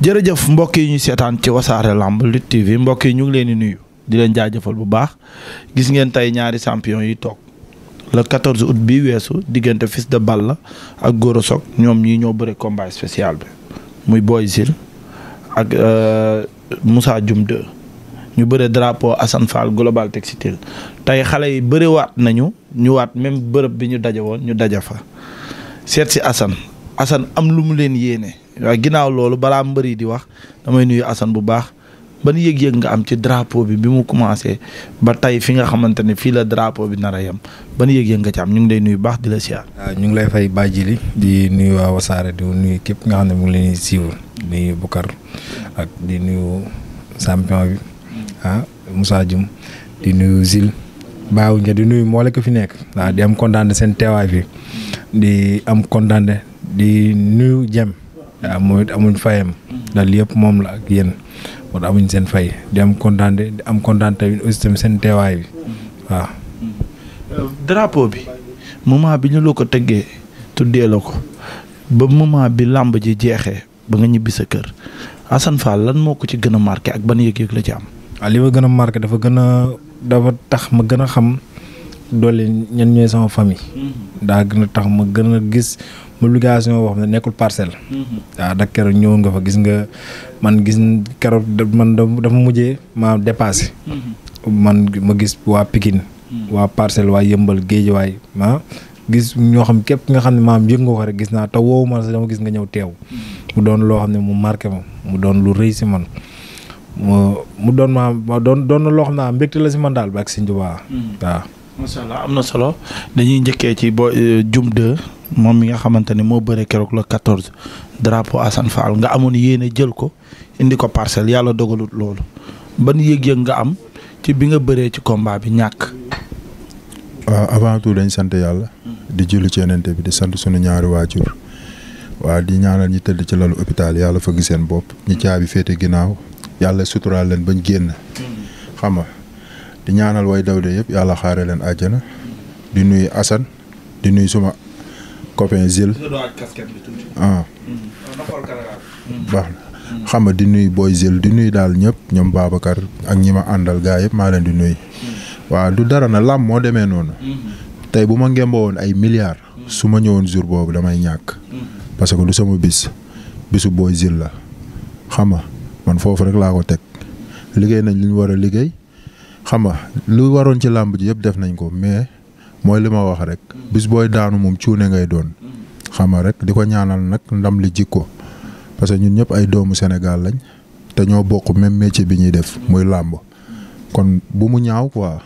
jërëjëf mbokk yi ñu seetaan ci wasaare lamb Lutte TV mbokk yi ñu ngi leen di nuyu di leen jaajëfal bu baax gis ngeen tey ñaari champion yi toog le 14 août bi weesu diggante Fils de la ak Gora Sock ñoom ñii ñoo bëre combat spécial bi muy Boy Sil ak euh, Moussa Dioum 2 ñu bëre drapeau Assane Fall global textile tey xale yi bëri waat nañu ñu waat même bërëb bi ñu daje woon ñu daja fa seet si Assane Assane am lu mu leen yéene. waaw ginnaaw loolu balaa mbëri di wax damay nuyu Assane bu baax ban yëg-yëg nga am ci drapeau bi bi mu commencé ba tey fi nga xamante ne fii la drapeau bi nar a yem ban yëg-yëg nga ci am ñu ngi lay nuyu baax di la siyaar. waaw ñu ngi lay fay bàjjili di nuyu waa wasaare di nuyu képp nga xam ne ngi leen di siiwal di nuyu Bukar ak di nuyu sampion bi ah Moussa di nuyu Zil baaw nga di nuyu moo la fi nekk waaw di am kontaan seen teewaay fi di am kontaan di nuyu Jem. waaw mooy it amuñ fayam dal li yëpp moom la ak yéen kon amuñ seen fay di am kontaan di am kontaan tamit aussi tamit seen teewaay bi waaw. drapeau bi moment bi ñu loo ko tëggee tuddee la ko ba moment bi làmb ji jeexee ba nga ñibbi sa kër asan Fall lan moo ko ci gën a marqué ak ban yëg-yëg la ci am. waaw ah, li ma gën a marqué dafa gën a dafa tax ma gën a xam. dolli ñan ñooy sama famille. Mm-hmm. daa gën a tax ma gën a gis mu boo xam ne nekkul parcel mm-hmm. waaw da keroog ñëwoon nga fa gis nga man gis keroog man dafa mujjee maa dépassé. Mm-hmm. ma gis waa Pikine. waa parcelle waa yëmbal géej géejawaay ah, ma gis ñoo xam képp nga xam ne maam yëg nga ko rek gis naa te woowu ma sax dama gis nga ñëw teew. mu doon loo xam ne mu marqué ma mu doon lu rëy si man. mu doon ma doon doon na loo xam ne mbégte la si man daal ba ak si njubaar waaw. macha allah am na solo dañuy njëkkee ci bo jum 2 moom mi nga xamante ne moo bëre keroog la 14 drapeau Assane Fall nga amoon yéene jël ko indi ko parcelle yàlla dogalut loolu ban yëg-yëg nga am ci bi nga bëree ci komba bi ñàkk. waaw avant tout dañ sant yàlla. di julli ci yonent bi di sant sunu ñaari waajur. waa di ñaanal ñi tëdd ci lalu hôpital yàlla fëgg seen bopp. ñi caabi féete ginnaaw. yàlla suturaal leen bañ génn. xam nga di ñaanal way dawle yëpp yàlla xaare leen àjjana di nuyu Assane di nuyu suma copain Zil ah, hmm. ah hmm. baax xam nga di nuyu booy Zil di nuyu daal ñëpp ñoom Babacar ak ñi ma àndal gaa yëpp maa leen di nuy hmm. waaw du dara na làmb moo demee noonu tey bu ma ngemboo woon ay milliards su ma ñëwoon jour boobu damay ñàkk parce que du sama bis bisu booy Zil la xam nga man foofu rek laa ko teg liggéey nañ li ñu war a liggéey xam nga lu waroon ci làmb ji yëpp def nañ ko mais mooy li ma wax rek bis booy daanu moom cuune ngay doon xam nga rek di ko ñaanal nag ndam li jikko parce que ñun ñëpp ay doomu Sénégal lañ te ñoo bokk même métier bi ñuy def muy làmb kon bu mu ñaaw quoi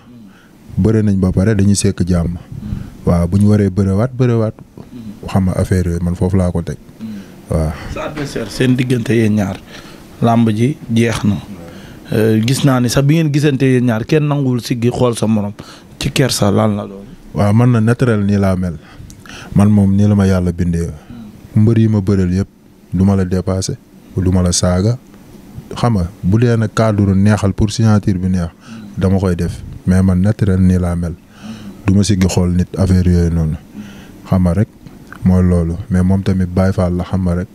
bëre nañ ba pare dañuy sekk jàmm waaw bu ñu waree bërewaat bërewaat xam nga affaire yooyu man foofu laa ko teg waaw. seen diggante ñaar làmb ji jeex na. Euh, gis naa ni sax bi ngeen gisante yéen ñaar kenn nanguwul siggi xool sa morom ci kersa lan la doon. waaw man na naturel nii laa mel man moom nii la ma yàlla bindee mbër yi ma bëreel yëpp du ma la dépassé du ma la saaga xam nga bu dee na cadre neexal pour signature bi neex dama koy def mais man naturel nii laa mel du ma siggi xool nit affaire yooyu noonu xam nga rek mooy loolu mais moom tamit Baye Fall la xam nga rek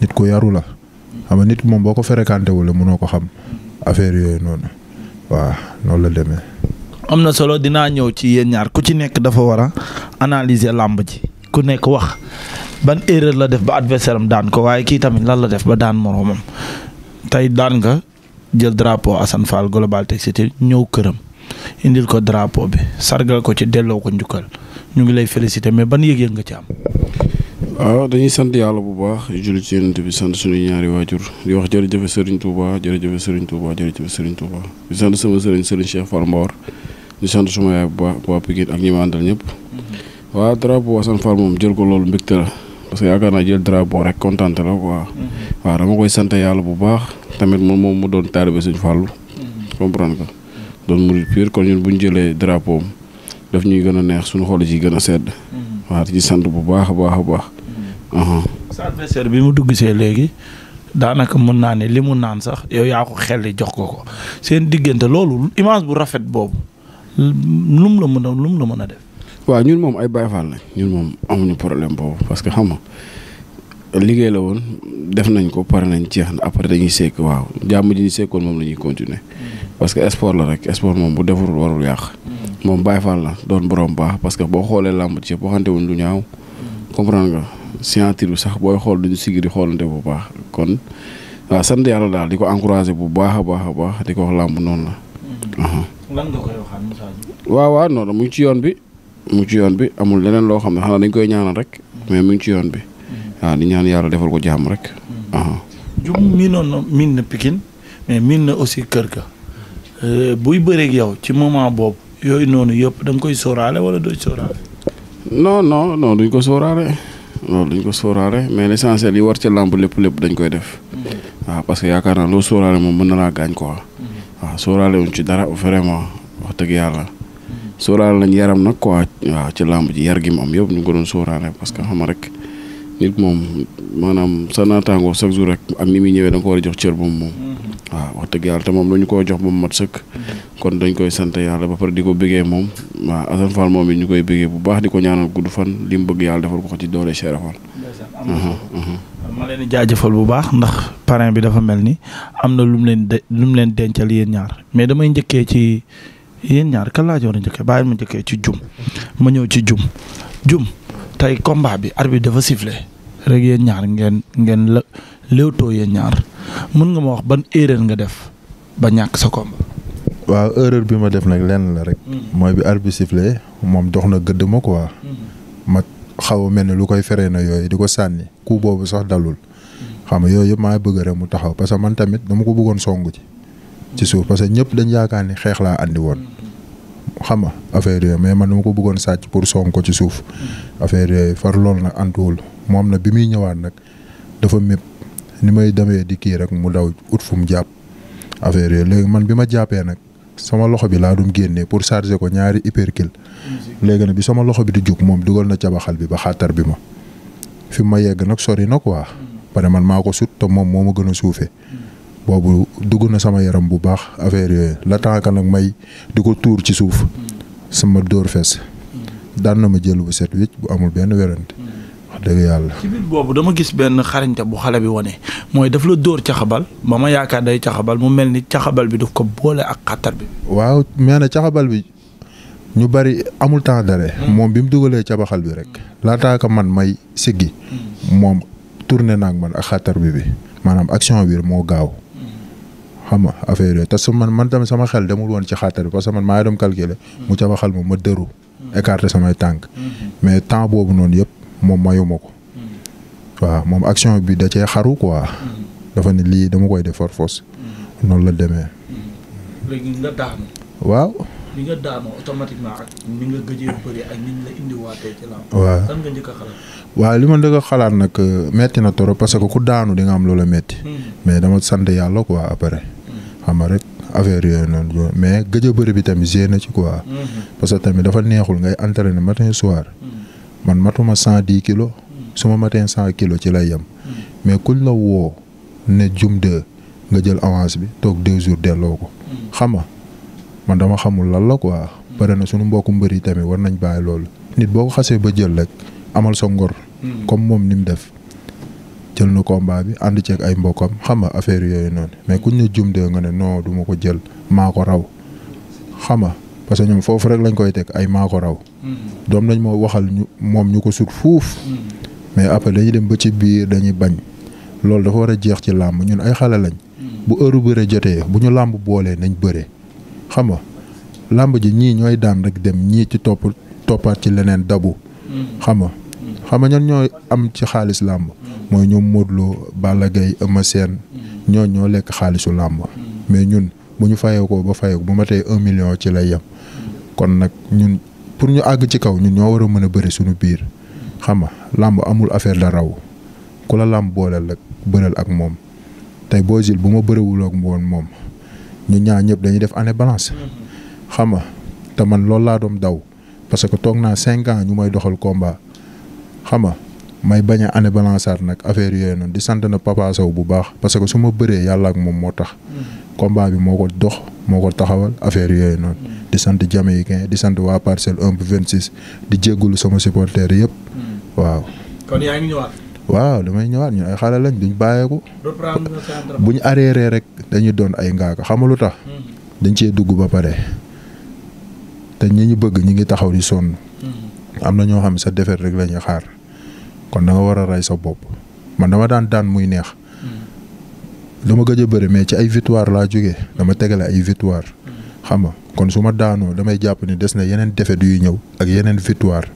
nit ku yaru la xam nga nit moom boo ko fréquenté wala mënoo ko xam. affaire yooyu noonu waaw noonu la demee. am na solo dinaa ñëw ci yéen ñaar ku ci nekk dafa war a analyser làmb ji ku nekk wax ban erreur la def ba adversaire am daan ko waaye kii tamit lan la def ba daan moroomam tey daan nga jël drapeau assan Fall Global Textile ñëw këram indil ko drapo bi sargal ko ci delloo ko njukkal ñu ngi lay féliciter mais ban yëg-yëg nga ci am. waaw dañuy sant yàlla bu baax julli ci yonent bi sant suñu ñaari waajur di wax jërëjëf Serigne Touba jërëjëf Serigne Touba jërëjëf Serigne Touba di sant sama sëriñ Serigne Cheikh Fall Mbawar di sant suma yaay bu baax waa Pikine ak ñi ma àndal ñëpp mm-hmm. waaw drapeau Assane Fall moom jël ko loolu mbégte la parce que yaakaar naa jël drapeau rek kontaan la quoi mm-hmm. waaw dama koy sant yàlla bu baax tamit moom moom mu doon taalibe Serigne Fallou mm-hmm. comprendre nga doon murid pur kon ñun bu ñu jëlee drapeau daf ñuy gën a neex suñu xol yi gën a sedd waaw di sant bu baax a baax a baax. sa adversaire bi mu dugg see léegi daanaka mën naa ne li mu naan sax yow yaa ko xelli jox ko ko seen diggante loolu image bu rafet boobu lum la mën a lum la mën a def. waa ñun moom ay Baye Fall lañ ñun moom amuñu problème boobu parce que xam nga liggéey la woon def nañ ko pare nañ jeex na après dañuy sekk waaw jàmm ji ñu sekkoon moom la ñuy continuer mm. parce que sport la rek sport moom bu defarul warul yàq. Mm. moom baay Fall la doon borom baax parce que boo xoolee làmb ci waxante wuñ lu ñaaw comprendre nga scientifique bi sax booy xool duñu sigg di xoolante bu baax kon waa sant yàlla daal di ko encouragé bu baax a baax a baax di ko wax làmb noonu la. lan nga koy waxaat message waaw waaw non mu ci yoon bi mu ci yoon bi amul leneen loo xam ne xanaa dañ koy ñaanal rek mais mu ngi ci yoon bi mm-hmm. waaw di ñaan yàlla defal ko jàmm rek. Mm-hmm. jum miinoon na miin na pikin mais miin na aussi kër ka euh, buy bëreeg yow ci moment boobu. yooyu noonu yëpp dañ koy sóoraale wala doo sóoraale. no non non duñ ko sóoraale non duñ ko sóoraale mais l'essentiel yi war ci làmb lépp lépp dañ koy def. Mm-hmm. waaw parce que yaakaar naa loo sóoraale moom mën na laa gaañ quoi. Mm-hmm. waaw sóoraale wuñ ci dara vraiment wax dëgg yàlla. Mm-hmm. sóoraale nañ yaram nag quoi waaw ci làmb ci yar gi mu am yëpp ñu ngi ko doon sóoraale parce que xam rek nit moom maanaam sa naataangoo chaque jour rek ak ni muy ñëwee da nga ko war a jox cër ba mu moom. waaw wax dëgg yàlla te moom lu ñu ko jox ba mu mat sëkk. kon dañ koy sant yàlla ba pare di ko bëggee moom waaw Assane moom it ñu koy bëggee bu baax di ko a gudd fan li mu bëgg yàlla defal ko ci doole Cheikh Fall. ma jaajëfal bu baax ndax parrain bi dafa mel ni am na lu mu leen de lu mu leen dencal yéen ñaar mais damay njëkkee ci yéen ñaar kan laa jox la njëkkee bàyyi njëkkee ci jum ma ñëw ci jum jum tey combat bi bi dafa sifflé rek yéen ñaar ngeen ngeen la léewtoo yéen ñaar mën nga ma wax ban erreur nga def ba ñàkk sa kom waaw erreur bi ma def nag lenn la rek. Mm-hmm. mooy bi arbitre sifflé moom dox na gëdd ma quoi. Mm-hmm. ma xaw a mel ni lu koy feree na yooyu di ko sànni ku boobu sax dalul. Mm-hmm. xam nga yooyu yëpp maa bëgg rek mu taxaw parce que man tamit dama ko bëggoon songu ci. ci suuf parce que ñëpp dañ yaakaar ni xeex laa woon. xam nga affaire yooyu mais man dama ko bëggoon sàcc pour song ci suuf. affaire yooyu far lool nag antuwul moom na bi muy ñëwaat nag dafa mépp ni may demee di kii rek mu daw ut fu mu jàpp affaire yooyu léegi man bi ma jàppee nag. sama loxo bi laa doon génnee pour charger ko ñaari hypercule léegi na bi sama loxo bi di jóg moom dugal na cabaxal bi ba xàttar bi ma fi ma yegg nag sori na waa hmm. pare man maa ko sut te moom moo ma gën a suufee hmm. boobu dugg na sama yaram bu baax affaire yooyu la tànk nag may di ko tuur ci suuf hmm. sama dóor fees daan na ma jël bu set wicc bu amul benn werante dégg yàlla boobu dama gis benn xarañte bu xale bi wane mooy daf la dóor caxabal ba ma yaakaar day caxabal mu mel ni caxabal bi daf ko boole ak xattar bi. waaw mais na caxabal bi ñu bari amul temps dare hmm. moom bi mu dugalee cabaxal bi rek. laataaka man may siggi hmm. moom tourné naag man ak xattar bi bi maanaam action bi moo gaaw. Hmm. xam nga affaire yooyu te su man man tamit sama xel demul woon ci xattar bi parce que man maa ngi doon calculer. mu cabaxal ma ma dëru. écarter samay tànk. mais temps boobu noonu yëpp. moom mayuma ko. waaw moom action bi da cee xaru quoi. dafa ne lii dama koy def for noonu la demee. léegi nga waaw. li ma njëkk xalaat nag euh, metti na trop parce que ku daanu di nga am loola metti hmm. mais dama sant yàlla quoi après. Hmm. xam nga rek affaire yooyu noonu mais gëj bari bi tamit génn ci quoi. Hmm. parce que tamit dafa neexul ngay ne matin soir. man matuma cent dix kilos hmm. su ma matee cent kilos ci lay yem hmm. mais kuñ la woo ne jum de nga jël avance bi toog deux jours delloo ko hmm. xam nga man dama xamul lan la quoi bare na sunu mbokku mbër yi tamit war nañ bàyyi loolu nit boo ko xasee ba jël rek amal sa ngor comme moom ni mu def jël na combat bi ànd ceeg ay mbokkam xam nga affaire yooyu noonu mais kuñ ne jum de nga ne noo du ma ko jël maa ko raw xama parce que ñoom foofu rek lañ koy teg ay maako raw. Mm-hmm. doom nañ moo waxal ñu moom ñu ko sut fuuf. Mm-hmm. mais après dañuy dem ba ci biir dañuy bañ. loolu dafa war a jeex ci làmb ñun ay xale lañ. Mm-hmm. bu heure bëre jotee bu ñu làmb boolee nañ bëre. xam nga làmb ji ñii ñooy daan rek dem ñii ci topp toppaat ci leneen dabu. xam nga xam nga ñan ñooy am ci xaalis làmb. mooy ñoom Modou loo Balla gay Eumeu Sène. ñoo ñoo lekk xaalisu làmb. mais ñun bu ñu fayee ko ba fayee ko bu ma tey un million ci lay yem. kon nag ñun pour ñu àgg ci kaw ñun ñoo war mën a bëri suñu biir xam nga làmb amul affaire la raw ku la làmb booleel la bëral ak moom te Boy Jules bu ma bëriwul ak woon moom ñu ñaar ñëpp dañuy def année balance xam nga te man loolu laa doom daw parce que toog naa cinquant ñu may doxal komba xam nga may bañ a année balançaat nag affaire yooyu noonu di sant na Papa Sow bu baax parce que su ma bëree yàlla ak moom moo tax. Mm. combat bi moo ko dox moo ko taxawal affaire yooyu noonu. Mm. di sant Jamaïcain di sant waa parcelle 1 bu 26 di jéggulu sama supporter yëpp. Mm. waaw. damay ñëwaat ñu ay xale lañ duñ bàyyeeku. bu ñu arrêté rek dañuy doon ay ngaaka xam lu tax. dañ cee dugg ba pare te ñi ñu bëgg ñu ngi taxaw di sonn. am na ñoo xam sa defet rek la ñuy xaar. kon da nga war a rey sa bopp man dama daan daan muy neex. dama mm. gëj a bëri mais ci ay victoire laa jóge dama tegale ay victoire. Mm. xam nga kon su ma daanoo damay jàpp ni des na yeneen défaite yuy ñëw ak yeneen victoire.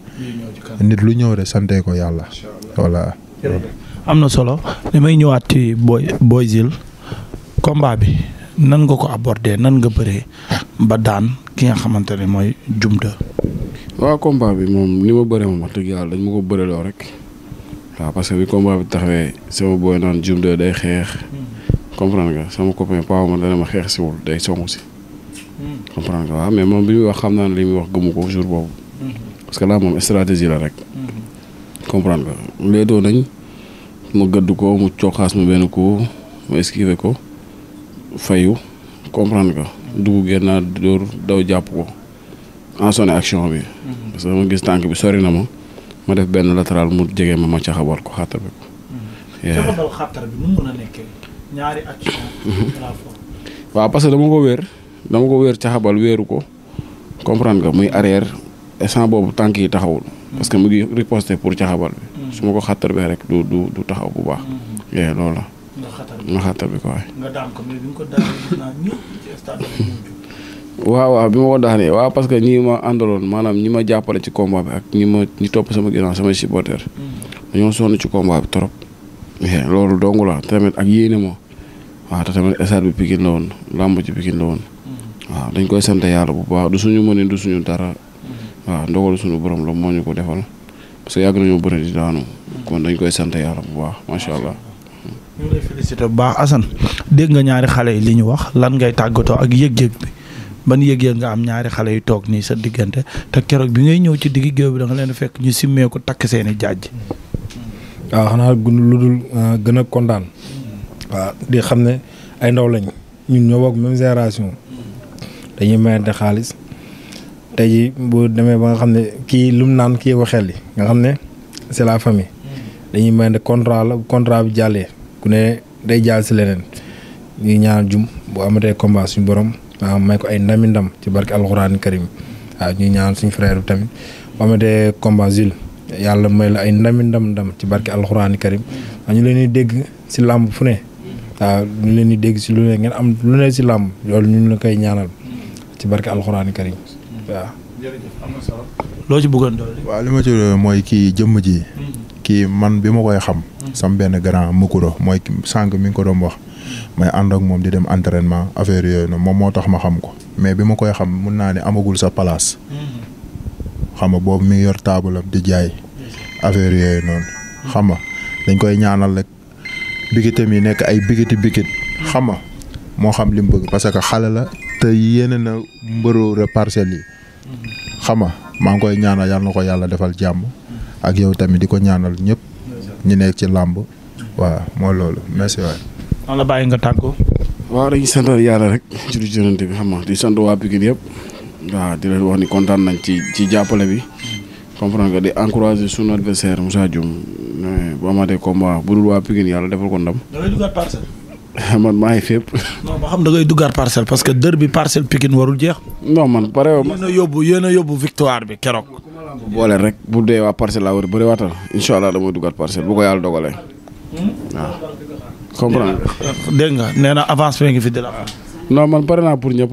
nit lu ñëw rek sante ko yàlla. voilà. am na solo li may ñëwaat ci Boy Boy Jules combat bi nan nga ko abordé nan nga bëree ba daan ki nga xamante ne mooy jumta. waaw combat bi moom ni ma bëree moom wax dëgg yàlla dañ ma ko bëreloo rek. waaw parce que bi combat bi taxawee sama booy naan Dioum de day xeex. comprendre nga sama copain Pao ma xeex si day songu mais moom bi wax xam naa ne lii muy wax gëmu ko jour boobu. parce que là moom stratégie la rek. comprendre nga léetoo nañ ma gëdd ko mu coxaas ma benn ko ma esquivé ko fayu comprendre nga. dugg génnaat dóor daw jàpp ko en sonné action bi. parce que dama gis tànk bi sori na ma. ma def benn latéral mu jege ma ma caxabal ko xàttar bi ko. caxabal xàttar parce que dama ko wér dama ko wér caxabal wéeru ko comprendre nga muy arrière instant boobu tànk yi taxawul. parce que mu ngi riposté pour caxabal bi. Mhm. su ma ko xàttar bi rek du du taxaw bu baax. Mhm. loolu la. nga xàttar bi nga waaw waaw bi ma ko daanee waaw parce que ñi ma àndaloon maanaam ñi ma jàppale ci combat bi ak ñi ma ñi topp sama ginnaaw samay supporters. Mm. dañoo sonn ci combat bi trop. loolu dong la tamit ak yéene moo waaw te tamit stade bi Pikine la woon làmb ci Pikine la woon. Mm. waaw dañ koy sant yàlla bu baax du suñu mënee suñu dara. Mm. waaw ndogalu suñu borom la moo ñu ko defal parce que yàgg nañoo di daanu. kon dañ koy sant yàlla bu baax macha allah. ñu ngi lay dégg nga ñaari xale yi li ñu wax lan ngay tàggatoo ak yëg-yëg bi. ban yëg-yëg nga am ñaari xale yu toog nii sa diggante te keroog bi ngay ñëw ci digg géew bi da leen fekk ñu simmee ko takk seen i jaaj. waaw xanaa lu dul euh, gën a kontaan. waaw di xam ne ay ndaw lañ ñun ñoo bokk même génération. dañuy mayante xaalis. te jii boo demee ba nga xam ne kii lum naan kii ko xel yi nga xam ne c'est la famille. dañuy mayante contrat la contrat bi jàllee ku ne day jàll si leneen ñuy ñaan jum boo amatee combat suñu borom. waaw may ko ay ndami ndam ci barke alxuraan karim waaw ñuy ñaan suñu frère bi tamit ba amatee combat zil yàlla may la ay ndami ndam ndam ci barke alxuraan karim ñu leen di dégg si làmb fu ne waaw ñu leen di dégg si lu ne ngeen am lu ne si làmb loolu ñu la koy ñaanal ci barke alxuraan karim waaw. loo ci bëggoon doole. waaw li ma ci mooy kii jëmm ji. Hmm. kii man bi ma koy xam. sam benn grand mukuro mooy sànq mi ngi ko doom wax. may ànd ak moom di dem entraînement affaire yooyu noonu moom moo tax ma xam ko mais bi ma koy xam mun naa ne amagul sa place. xam nga boobu mi ngi yor taabulam di jaay. affaire yooyu noonu. xam nga dañ koy ñaanal rek bikitam yi nekk ay bikiti bikit. xam nga moo xam li mu bëgg parce que xale la te yeneen na mbëru Parcelles yi. xam nga maa ngi koy ñaanal yàlla na ko yàlla defal jàmm. ak yow tamit di ko ñaanal ñëpp ñu nekk ci làmb waaw moo loolu merci waay. noonu la bàyyi nga tàggoo. waaw dañuy sant yàlla rek ci lu jëlante bi xam nga di sant waa Pikine yëpp waaw di leen wax ni kontaan nañ ci ci jàppale bi. comprendre nga di encourager sunu adversaire Moussa Dioum bu amaatee combat bu dul waa Pikine yàlla defal ko ndam. da ngay duggaat parcelle. man maa ngi fépp. non ba xam da ngay duggaat parce que dër bi parcelle Pikine warul jeex. non man pare. yéen a yóbbu yéen yóbbu victoire bi keroog. bu boole rek bu dee waa parcelle laa war a bëri incha allah damay duggaat parcelle bu ko yàlla dégg nga nee na avance bi ngi fi de la. man pare naa pour ñëpp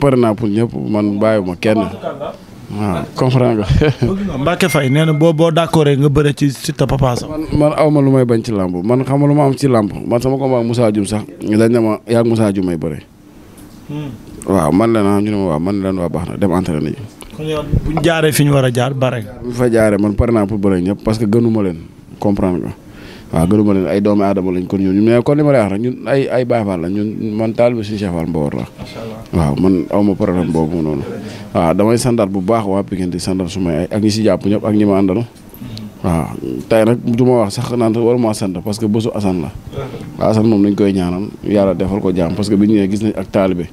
pare naa pour ñëpp man bàyyiwuma kenn waaw comprendre nga. Mbacke nee na boo boo d'accord nga bëre ci Siteu Papa Sow. man man aw ma lu may bañ ci làmb man xam lu ma am ci làmb man sama combat Moussa Dioum sax dañ ne ma yaa Moussa may bëre. Hmm. waaw man la ñu ne ma waaw man la waa baax na dem entraîné ji. bu ñu jaaree fi ñu war a jaar bare. bu fa jaaree man pare naa pour bëre ñëpp parce que gënuma leen comprendre nga waaw gënuma leen ay doomu aadama lañ kon ñun mais kon li ma lay wax rek ñun ay ay baafaal la ñun man taal bi suñu chefal mboor la. waaw man aw ma problème boobu noonu. waaw damay sandaat bu baax waa Pikine di sandaat su may ay ak ñi si jàpp ñëpp ak ñi ma àndal. waaw tey nag du ma wax sax naan war maa sant parce que bésu Assane la waaw moom dañ koy ñaanal yàlla defal ko jàmm parce que bi ñu ñëwee gis nañ ak taalibe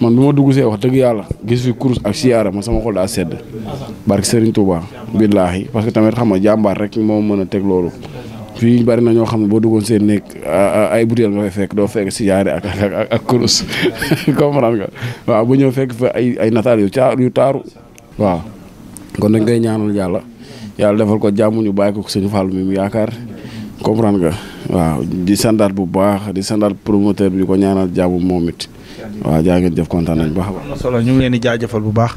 man bi ma dugg see wax dëgg yàlla gis fi kurus ak siyaara man sama xol daa sedd barke Serigne Touba billaahi parce que tamit xam nga jàmbaar rek moom mën a teg loolu fii bari na ñoo xam ne boo duggoon seen nekk ay butéel nga fay fekk doo fekk siyaare ak ak ak kurus waaw bu ñëw fekk fa ay ay nataal yu caa yu taaru waaw kon dañ koy ñaanal yàlla defal ko jàmm ñu bàyyi ko Serigne Fallou mi mu yaakaar comprendre nga waaw di sandal bu baax di sandaat promoteur bi di ko ñaanal jàmm moom it waaw jaa ngeen jëf kontaan nañ baax a solo ñu ngi leen di jaajëfal bu baax.